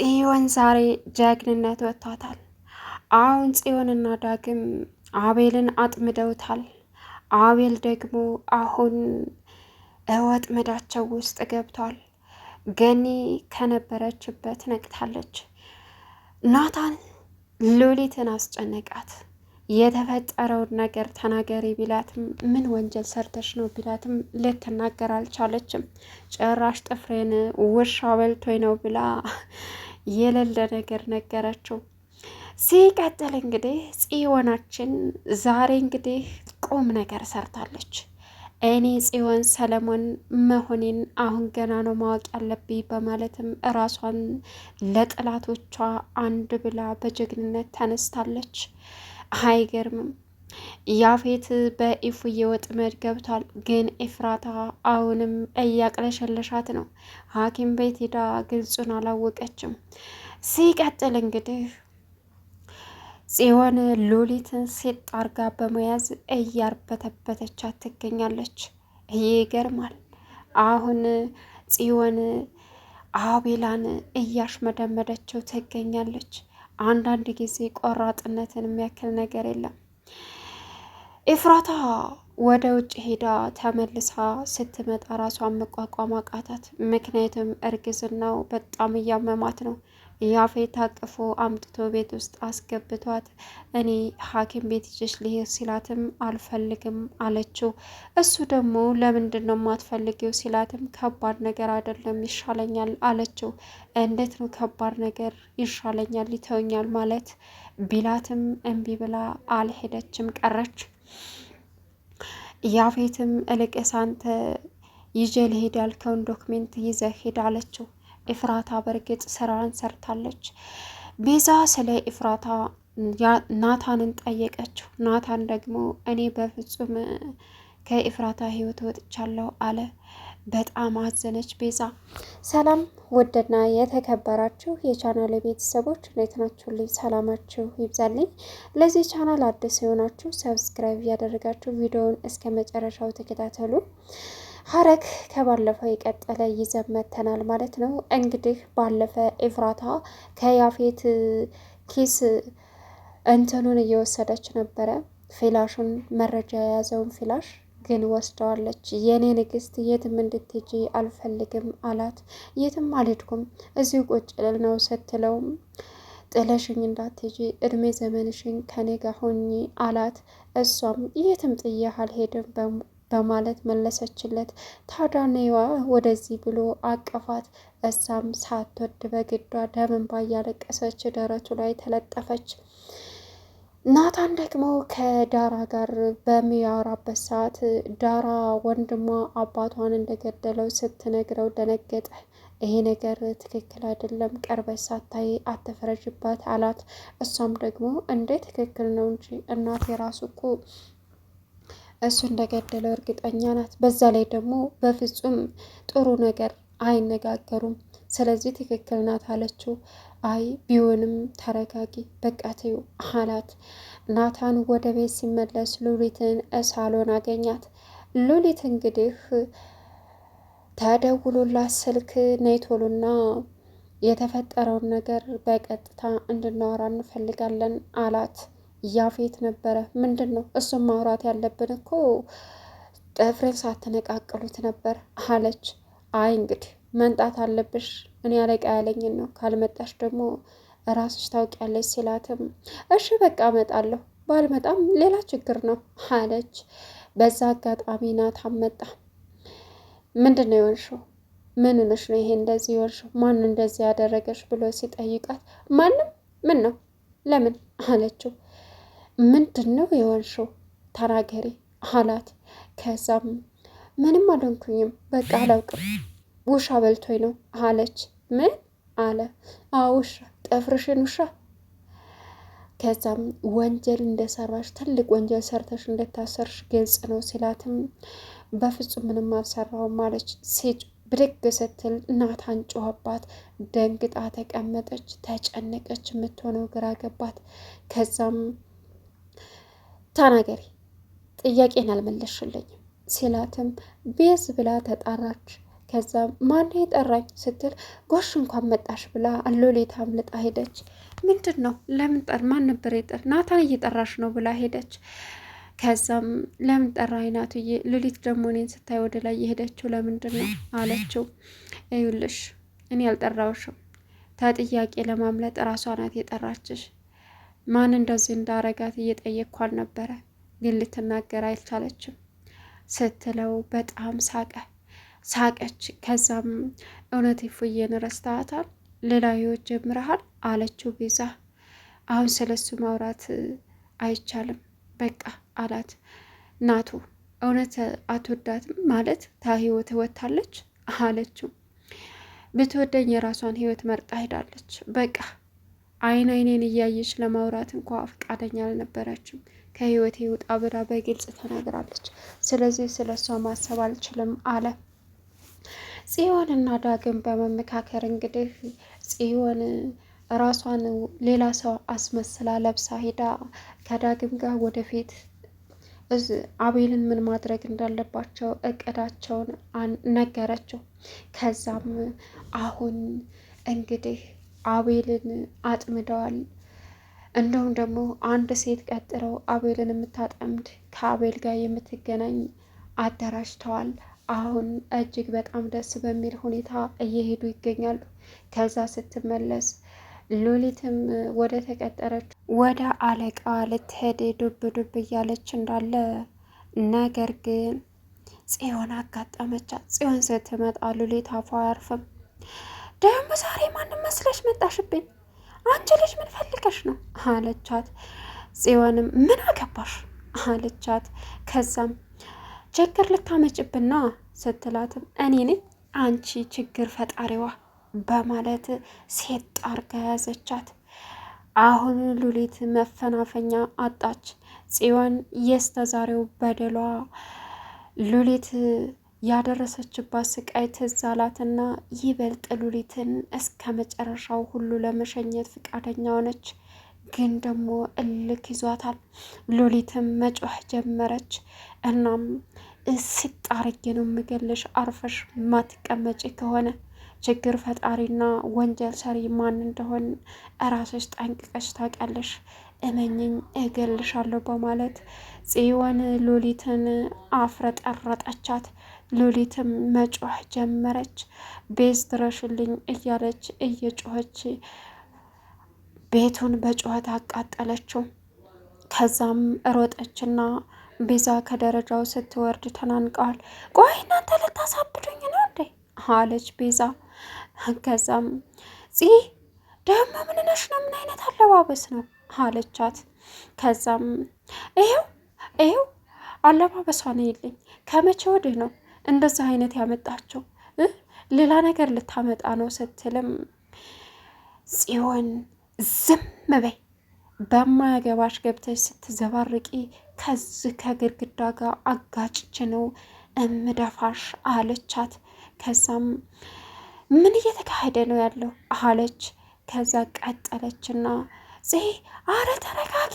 ጽዮን ዛሬ ጀግንነት ወጥቷታል። አሁን ጽዮንና ዳግም አቤልን አጥምደውታል። አቤል ደግሞ አሁን እወጥመዳቸው ውስጥ ገብቷል። ገኒ ከነበረችበት ነቅታለች። ናታን ሉሊትን አስጨነቃት። የተፈጠረውን ነገር ተናገሪ ቢላትም ምን ወንጀል ሰርተሽ ነው ቢላትም ልትናገር አልቻለችም። ጭራሽ ጥፍሬን ውሻ በልቶኝ ነው ብላ የሌለ ነገር ነገራቸው። ሲቀጥል እንግዲህ ጽዮናችን ዛሬ እንግዲህ ቁም ነገር ሰርታለች። እኔ ጽዮን ሰለሞን መሆኔን አሁን ገና ነው ማወቅ ያለብኝ በማለትም እራሷን ለጠላቶቿ አንድ ብላ በጀግንነት ተነስታለች። አይገርምም? ያፌት በኢፉዬ ወጥመድ ገብቷል። ግን ኤፍራታ አሁንም እያቅለሸለሻት ነው። ሐኪም ቤት ሄዳ ግልጹን አላወቀችም። ሲቀጥል እንግዲህ ጽዮን ሉሊትን ሴት አርጋ በመያዝ እያርበተበተቻት ትገኛለች። ይገርማል። አሁን ጽዮን አቤላን እያሽመደመደችው ትገኛለች። አንዳንድ ጊዜ ቆራጥነትን የሚያክል ነገር የለም። ኤፍራታ ወደ ውጭ ሄዳ ተመልሳ ስትመጣ ራሷን መቋቋም አቃታት። ምክንያቱም እርግዝናው በጣም እያመማት ነው። ያፌት አቅፎ አምጥቶ ቤት ውስጥ አስገብቷት እኔ ሐኪም ቤት ይዤሽ ልሄድ ሲላትም አልፈልግም አለችው። እሱ ደግሞ ለምንድን ነው የማትፈልጊው ሲላትም ከባድ ነገር አይደለም ይሻለኛል አለችው። እንዴት ነው ከባድ ነገር ይሻለኛል ይተውኛል ማለት ቢላትም እምቢ ብላ አልሄደችም ቀረች። ያፌትም እልቅስ አንተ ይዤ ልሄድ ያልከውን ዶክሜንት ይዘህ ሂድ አለችው። ኤፍራታ በእርግጥ ስራዋን ሰርታለች። ቤዛ ስለ ኤፍራታ ናታንን ጠየቀችው። ናታን ደግሞ እኔ በፍጹም ከኤፍራታ ህይወት ወጥቻለሁ አለ። በጣም አዘነች ቤዛ። ሰላም ውድና የተከበራችሁ የቻናል ቤተሰቦች እንዴት ናችሁልኝ? ሰላማችሁ ይብዛልኝ። ለዚህ ቻናል አዲስ የሆናችሁ ሰብስክራይብ እያደረጋችሁ ቪዲዮውን እስከ መጨረሻው ተከታተሉ። ሐረግ ከባለፈው የቀጠለ ይዘን መጥተናል ማለት ነው። እንግዲህ ባለፈ ኤፍራታ ከያፌት ኪስ እንትኑን እየወሰደች ነበረ፣ ፊላሹን መረጃ የያዘውን ፊላሽ ግን ወስደዋለች። የኔ ንግስት የትም እንድትሄጂ አልፈልግም አላት። የትም አልሄድኩም እዚሁ ቁጭ ልል ነው ስትለው ጥለሽኝ እንዳትሄጂ እድሜ ዘመንሽን ከኔ ጋር ሆኚ አላት። እሷም የትም ጥዬህ አልሄድም በማለት መለሰችለት። ታዳኔዋ ወደዚህ ብሎ አቀፋት። እሷም ሳትወድ በግዷ ደም እንባ እያለቀሰች ደረቱ ላይ ተለጠፈች። ናታን ደግሞ ከዳራ ጋር በሚያወራበት ሰዓት ዳራ ወንድሟ አባቷን እንደገደለው ስትነግረው ደነገጠ። ይሄ ነገር ትክክል አይደለም፣ ቀርበሽ ሳታይ አትፈረጅባት አላት። እሷም ደግሞ እንዴ ትክክል ነው እንጂ እናቴ ራሱ እኮ እሱ እንደገደለው እርግጠኛ ናት። በዛ ላይ ደግሞ በፍጹም ጥሩ ነገር አይነጋገሩም ስለዚህ ትክክል ናት አለችው። አይ ቢሆንም ተረጋጊ በቃ ተዩ አላት። ናታን ወደ ቤት ሲመለስ ሉሊትን ሳሎን አገኛት። ሉሊት እንግዲህ ተደውሎላት ስልክ ነይ የተፈጠረውን ነገር በቀጥታ እንድናወራ እንፈልጋለን አላት። ያፌት ነበረ ምንድን ነው እሱም ማውራት ያለብን እኮ ጥፍሬን ሳትነቃቅሉት ነበር አለች። አይ እንግዲህ መንጣት አለብሽ። እኔ አለቃ ያለኝን ነው። ካልመጣሽ ደግሞ ራስሽ ታውቂያለሽ ሲላትም እሺ በቃ እመጣለሁ፣ ባልመጣም ሌላ ችግር ነው አለች። በዛ አጋጣሚ ናታን መጣ። ምንድን ነው የሆንሽው? ምን ነሽ ነው ይሄ እንደዚህ የሆንሽው? ማን እንደዚህ ያደረገሽ ብሎ ሲጠይቃት ማንም ምን ነው ለምን አለችው። ምንድን ነው የሆንሽው? ተናገሪ አላት። ከዛም ምንም አልሆንኩኝም በቃ አላውቅም ውሻ በልቶኝ ነው አለች። ምን አለ? አዎ ውሻ፣ ጥፍርሽን ውሻ። ከዛም ወንጀል እንደሰራሽ ትልቅ ወንጀል ሰርተሽ እንደታሰርሽ ግልጽ ነው ሲላትም በፍጹም ምንም አልሰራውም አለች። ሴጭ ብድግ ስትል ናታን ጮኸባት። ደንግጣ ተቀመጠች፣ ተጨነቀች፣ የምትሆነው ግራ ገባት። ከዛም ተናገሪ ጥያቄን አልመለሽልኝም ሲላትም ቤዝ ብላ ተጣራች። ከዛም ማነው የጠራኝ ስትል ጎሽ እንኳን መጣሽ ብላ ሎሊታ አምልጣ ሄደች። ምንድን ነው ለምን ጠር ማን ነበር የጠር ናታን እየጠራሽ ነው ብላ ሄደች። ከዛም ለምን ጠራኝ ናቱዬ? ሉሊት ደግሞ እኔን ስታይ ወደ ላይ የሄደችው ለምንድን ነው አለችው። እዩልሽ እኔ ያልጠራውሽም? ተጥያቄ ለማምለጥ ራሷ ናት የጠራችሽ። ማን እንደዚህ እንዳረጋት እየጠየቅኳል ነበረ፣ ግን ልትናገር አልቻለችም ስትለው በጣም ሳቀ። ሳቀች። ከዛም እውነት ፉዬን ረስታታል፣ ሌላ ህይወት ጀምረሃል አለችው ቤዛ። አሁን ስለሱ ማውራት አይቻልም በቃ አላት ናቱ። እውነት አትወዳትም ማለት ታ ህይወት ወታለች አለችው። ብትወደኝ የራሷን ህይወት መርጣ ሄዳለች። በቃ አይን አይኔን እያየች ለማውራት እንኳ ፈቃደኛ አልነበረችም። ከህይወቴ ውጣ ብላ በግልጽ ተናግራለች። ስለዚህ ስለ እሷ ማሰብ አልችልም አለ ጽዮን እና ዳግም በመመካከር እንግዲህ ጽዮን ራሷን ሌላ ሰው አስመስላ ለብሳ ሄዳ ከዳግም ጋር ወደፊት አቤልን ምን ማድረግ እንዳለባቸው እቅዳቸውን ነገረችው። ከዛም አሁን እንግዲህ አቤልን አጥምደዋል። እንደውም ደግሞ አንድ ሴት ቀጥረው አቤልን የምታጠምድ ከአቤል ጋር የምትገናኝ አደራጅተዋል። አሁን እጅግ በጣም ደስ በሚል ሁኔታ እየሄዱ ይገኛሉ። ከዛ ስትመለስ ሉሊትም ወደ ተቀጠረች ወደ አለቃ ልትሄድ ዱብ ዱብ እያለች እንዳለ ነገር ግን ጽዮን አጋጠመቻት። ጽዮን ስትመጣ ሉሊት አፏ አያርፍም። ደግሞ ዛሬ ማንም መስለሽ መጣሽብኝ? አንቺ ልጅ ምን ፈልገሽ ነው አለቻት። ጽዮንም ምን አገባሽ አለቻት። ከዛም ችግር ልታመጭብና ስትላትም እኔ ነኝ አንቺ ችግር ፈጣሪዋ በማለት ሴት ጣርጋ ያዘቻት። አሁን ሉሊት መፈናፈኛ አጣች። ጽዮን የስተዛሬው በደሏ ሉሊት ያደረሰችባት ስቃይ ትዝ አላትና ይበልጥ ሉሊትን እስከ መጨረሻው ሁሉ ለመሸኘት ፈቃደኛ ሆነች። ግን ደግሞ እልክ ይዟታል። ሎሊትም መጮህ ጀመረች። እናም ስጥ አርጌ ነው የምገልሽ፣ አርፈሽ ማትቀመጪ ከሆነ ችግር ፈጣሪና ወንጀል ሰሪ ማን እንደሆን እራስሽ ጠንቅቀሽ ታውቂያለሽ። እመኝኝ እገልሻለሁ በማለት ጽዮን ሎሊትን አፍረጠረጠቻት። ሎሊትም መጮህ ጀመረች። ቤዝ ድረሽልኝ እያለች እየጮኸች ቤቱን በጩኸት አቃጠለችው። ከዛም ሮጠችና ቤዛ ከደረጃው ስትወርድ ተናንቀዋል። ቆይ እናንተ ልታሳብዱኝ ነው እንዴ አለች ቤዛ። ከዛም ፂ ደግሞ ምንነሽ ነው? ምን አይነት አለባበስ ነው አለቻት። ከዛም ይሄው አለባበሷ አለባበሷን የለኝ ከመቼ ወዲህ ነው እንደዛ አይነት ያመጣቸው ሌላ ነገር ልታመጣ ነው ስትልም ጽዮን ዝም በይ በማያገባሽ ገብተሽ ስትዘባርቂ ከዚህ ከግድግዳ ጋር አጋጭች ነው እምደፋሽ አለቻት። ከዛም ምን እየተካሄደ ነው ያለው አለች። ከዛ ቀጠለችና ጽሄ አረ ተረጋጊ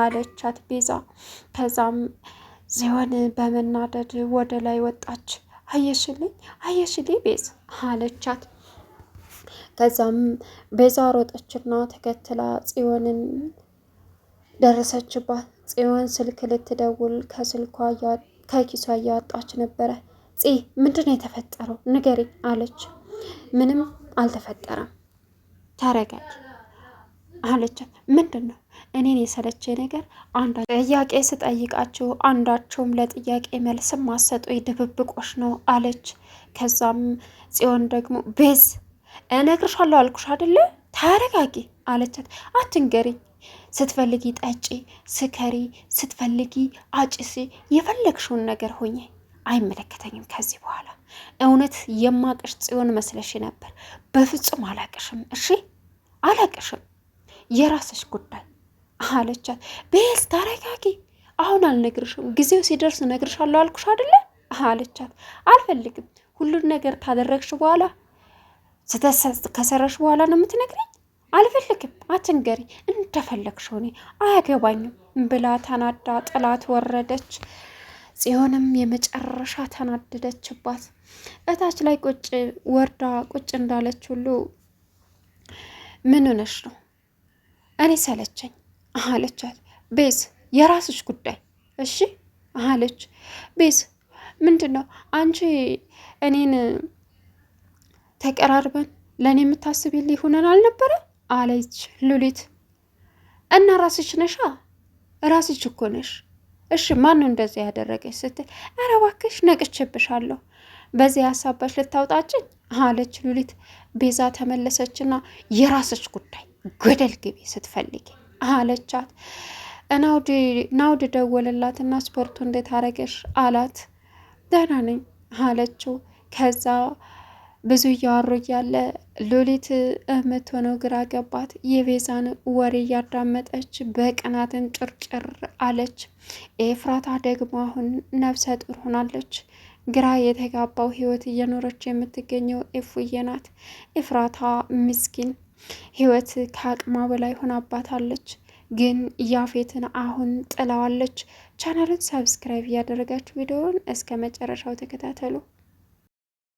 አለቻት ቤዛ። ከዛም ዚሆን በመናደድ ወደ ላይ ወጣች። አየሽልኝ አየሽልኝ ቤዝ አለቻት። ከዛም ቤዛ ሮጠችና ተከትላ ጽዮንን ደረሰችባት። ጽዮን ስልክ ልትደውል ከስልኳ ከኪሷ እያወጣች ነበረ። ጽ ምንድን ነው የተፈጠረው ንገሪ አለች። ምንም አልተፈጠረም ተረጋጅ አለች። ምንድን ነው እኔን የሰለቼ ነገር አንዳ ጥያቄ ስጠይቃችሁ አንዳችሁም ለጥያቄ መልስም ማሰጡ ድብብቆች ነው አለች። ከዛም ጽዮን ደግሞ ቤዝ እነግርሻለሁ አልኩሽ አደለ? ተረጋጊ አለቻት። አትንገሪኝ ስትፈልጊ ጠጪ፣ ስከሪ፣ ስትፈልጊ አጭሲ፣ የፈለግሽውን ነገር ሆኜ አይመለከተኝም ከዚህ በኋላ። እውነት የማቅሽ ጽዮን መስለሽ ነበር። በፍጹም አላቅሽም። እሺ አላቅሽም፣ የራስሽ ጉዳይ አለቻት። ቤዝ ተረጋጊ፣ አሁን አልነግርሽም፣ ጊዜው ሲደርስ እነግርሻለሁ አልኩሽ አደለ? አለቻት። አልፈልግም፣ ሁሉን ነገር ታደረግሽ በኋላ ከሰራሽ በኋላ ነው የምትነግረኝ? አልፈልግም፣ አትንገሪ፣ እንደፈለግሽ ሆኔ አያገባኝም ብላ ተናዳ ጥላት ወረደች። ጽዮንም የመጨረሻ ተናደደችባት። እታች ላይ ቁጭ ወርዳ ቁጭ እንዳለች ሁሉ ምን ነሽ ነው እኔ ሰለቸኝ አለቻት። ቤዝ የራስሽ ጉዳይ እሺ አለች። ቤዝ ምንድን ነው አንቺ እኔን ተቀራርበን ለእኔ የምታስብልኝ ሆነን አልነበረ አለች ሉሊት። እና ራስሽ ነሻ ራስሽ እኮ ነሽ። እሺ ማን ነው እንደዚያ ያደረገች ስትል፣ ኧረ እባክሽ ነቅቼብሻለሁ፣ በዚህ ሀሳባሽ ልታውጣጭኝ አለች ሉሊት። ቤዛ ተመለሰችና የራስሽ ጉዳይ ገደል ግቢ ስትፈልጊ አለቻት። ናውድ ናውድ ደወለላትና ስፖርቱ እንዴት አረገሽ አላት። ደህና ነኝ አለችው። ከዛ ብዙ እያወሩ እያለ ሉሊት የምትሆነው ግራ ገባት። የቤዛን ወሬ እያዳመጠች በቅናትን ጭርጭር አለች። ኤፍራታ ደግሞ አሁን ነፍሰ ጡር ሆናለች። ግራ የተጋባው ህይወት እየኖረች የምትገኘው ኤፉዬ ናት። ኤፍራታ ምስኪን ህይወት ከአቅማ በላይ ሆናባታለች። ግን ያፌትን አሁን ጥላዋለች። ቻናሉን ሰብስክራይብ እያደረጋችሁ ቪዲዮውን እስከ መጨረሻው ተከታተሉ።